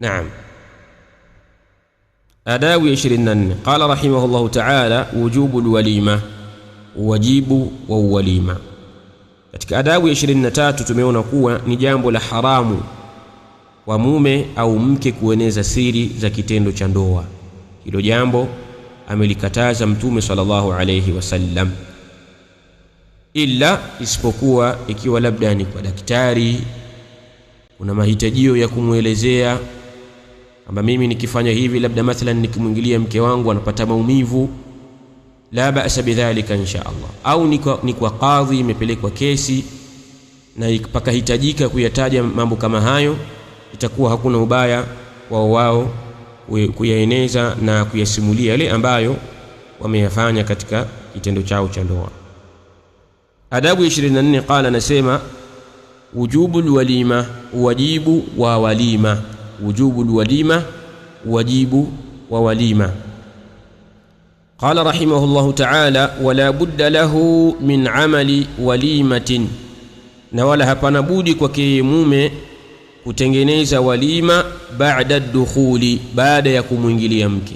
نعم adabu ya 24 qala rahimahullahu ta'ala wujubu alwalima wajibu wa uwalima katika adabu ya 23 tumeona kuwa ni jambo la haramu kwa mume au mke kueneza siri za kitendo cha ndoa hilo jambo amelikataza mtume sallallahu alayhi wasallam ila isipokuwa ikiwa labda ni kwa daktari kuna mahitajio ya kumwelezea kwamba mimi nikifanya hivi, labda mathalan nikimwingilia mke wangu anapata maumivu, la basa bidhalika insha Allah. Au ni kwa, ni kwa kadhi, imepelekwa kesi na pakahitajika kuyataja mambo kama hayo, itakuwa hakuna ubaya wao wao kuyaeneza na kuyasimulia yale ambayo wameyafanya katika kitendo chao cha ndoa. Adabu ya 24 qala, anasema wujubu lwalima, uwajibu wa walima wujubu lwalima wajibu wa walima qala rahimahu llahu taala wala budda lahu min amali walimatin na wala hapana budi kwake mume kutengeneza walima baada dukhuli baada ya kumwingilia mke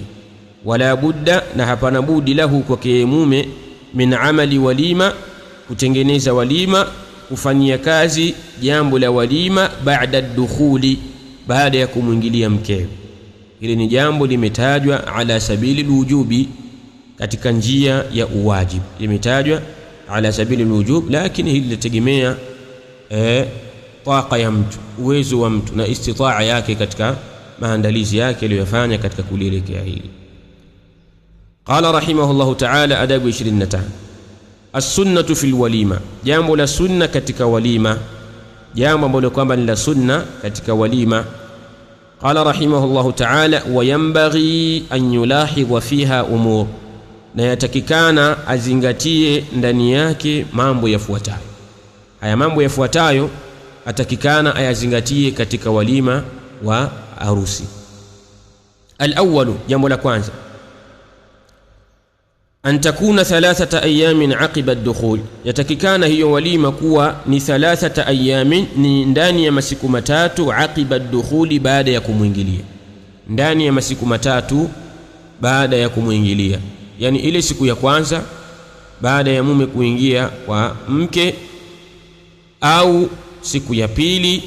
wala budda na hapana budi lahu kwake mume min amali walima kutengeneza walima kufanyia kazi jambo la walima baada dukhuli baada ya kumwingilia mkewe. Hili ni jambo limetajwa ala sabili lwujubi katika njia ya uwajibu, limetajwa ala sabili lwujub, lakini hili linategemea e, taqa ya mtu, uwezo wa mtu na istitaa yake katika maandalizi yake aliyoyafanya katika kulielekea hili. Qala rahimahullahu taala, adabu 25 assunnatu fi lwalima, jambo la sunna katika walima jambo ambalo kwamba ni la sunna katika walima qala rahimahullahu ta'ala wa yanbaghi an yulahidha fiha umur na yatakikana azingatie ndani yake mambo yafuatayo haya mambo yafuatayo atakikana ayazingatie katika walima wa harusi al-awwalu jambo la kwanza an takuna thalathata ayamin aqiba dukhul, yatakikana hiyo walima kuwa ni thalathata ayamin, ni ndani ya masiku matatu. Aqiba dukhuli, baada ya kumwingilia, ndani ya masiku matatu baada ya kumwingilia, yani ile siku ya kwanza baada ya mume kuingia kwa mke, au siku ya pili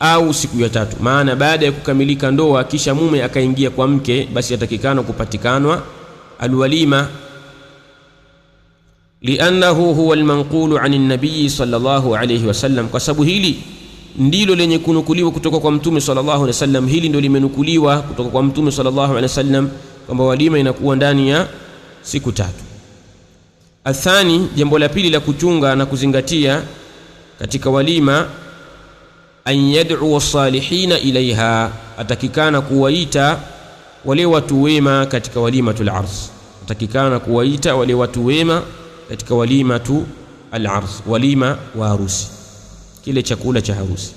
au siku ya tatu. Maana baada ya kukamilika ndoa, kisha mume akaingia kwa mke, basi yatakikana kupatikanwa alwalima liannahu huwa almanqulu ani nabii sallallahu alayhi wasallam, kwa sababu hili ndilo lenye kunukuliwa kutoka kwa mtume sallallahu alayhi wasallam. Hili ndio limenukuliwa kutoka kwa mtume sallallahu alayhi wasallam kwamba walima inakuwa ndani ya siku tatu. Athani, jambo la pili la kuchunga na kuzingatia katika walima, an yad'u salihina ilaiha, atakikana kuwaita wale watu wema katika walimatul ars, atakikana kuwaita wale watu wema katika walimatu al-arus, walima wa harusi, kile chakula cha harusi.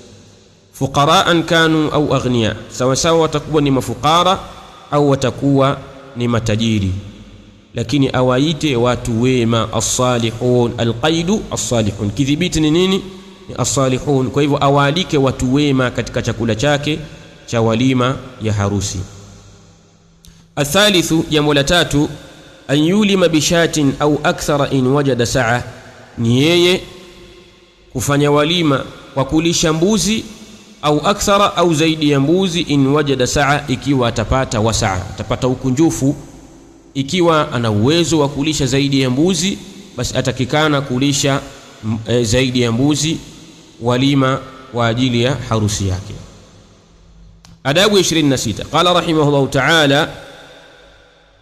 Fuqaraan kanu au aghnia, sawasawa watakuwa ni mafukara au watakuwa ni matajiri, lakini awaite watu wema, as-salihun. Alqaidu as-salihun, kidhibiti ni nini? Ni as-salihun. Kwa hivyo awaalike watu wema katika chakula chake cha walima ya harusi. Athalithu, jambo la tatu an yulima bishatin au akthara in wajada saa, ni yeye kufanya walima kwa kulisha mbuzi au akthara au zaidi ya mbuzi, in wajada saa, ikiwa atapata wasaa, atapata ukunjufu. Ikiwa ana uwezo wa kulisha zaidi ya mbuzi, basi atakikana kulisha mm, e, zaidi ya mbuzi walima kwa ajili ya harusi yake. Adabu 26 qala rahimahullahu ta'ala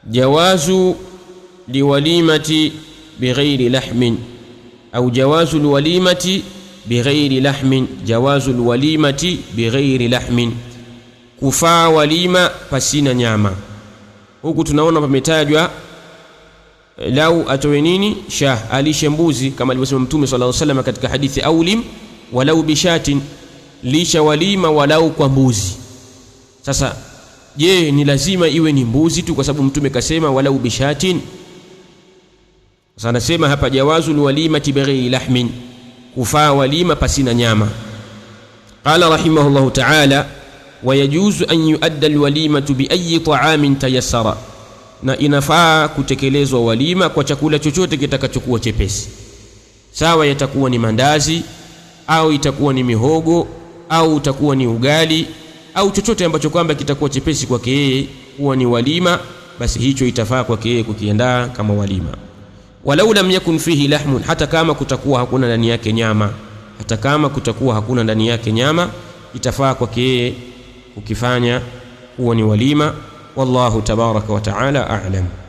jawazu liwalimati bighairi lahmin au jawazu lwalimati bighairi lahmin, jawazu lwalimati bighairi lahmin, kufaa walima pasina nyama. Huku tunaona pametajwa eh, lau atowe nini, shah, alishe mbuzi, kama alivyosema Mtume sallallahu alaihi wasallam katika hadithi aulim walau bishatin, lisha walima walau kwa mbuzi. Sasa je, ni lazima iwe ni mbuzi tu? Kwa sababu Mtume kasema walau bishatin sasa anasema hapa jawazul walimati bighayri lahmin, kufaa walima pasina nyama. Qala rahimahullahu ta'ala, wayajuzu an yuadda alwalimatu biayi ta'amin tayassara, na inafaa kutekelezwa walima kwa chakula chochote kitakachokuwa chepesi, sawa yatakuwa ni mandazi au itakuwa ni mihogo au itakuwa ni ugali au chochote ambacho kwamba kitakuwa chepesi kwake yeye kuwa ni walima, basi hicho itafaa kwake yeye kukiandaa kama walima walau lam yakun fihi lahmun, hata kama kutakuwa hakuna ndani yake nyama, hata kama kutakuwa hakuna ndani yake nyama, itafaa kwake yeye ukifanya huo ni walima. Wallahu tabaraka wa taala a'lam.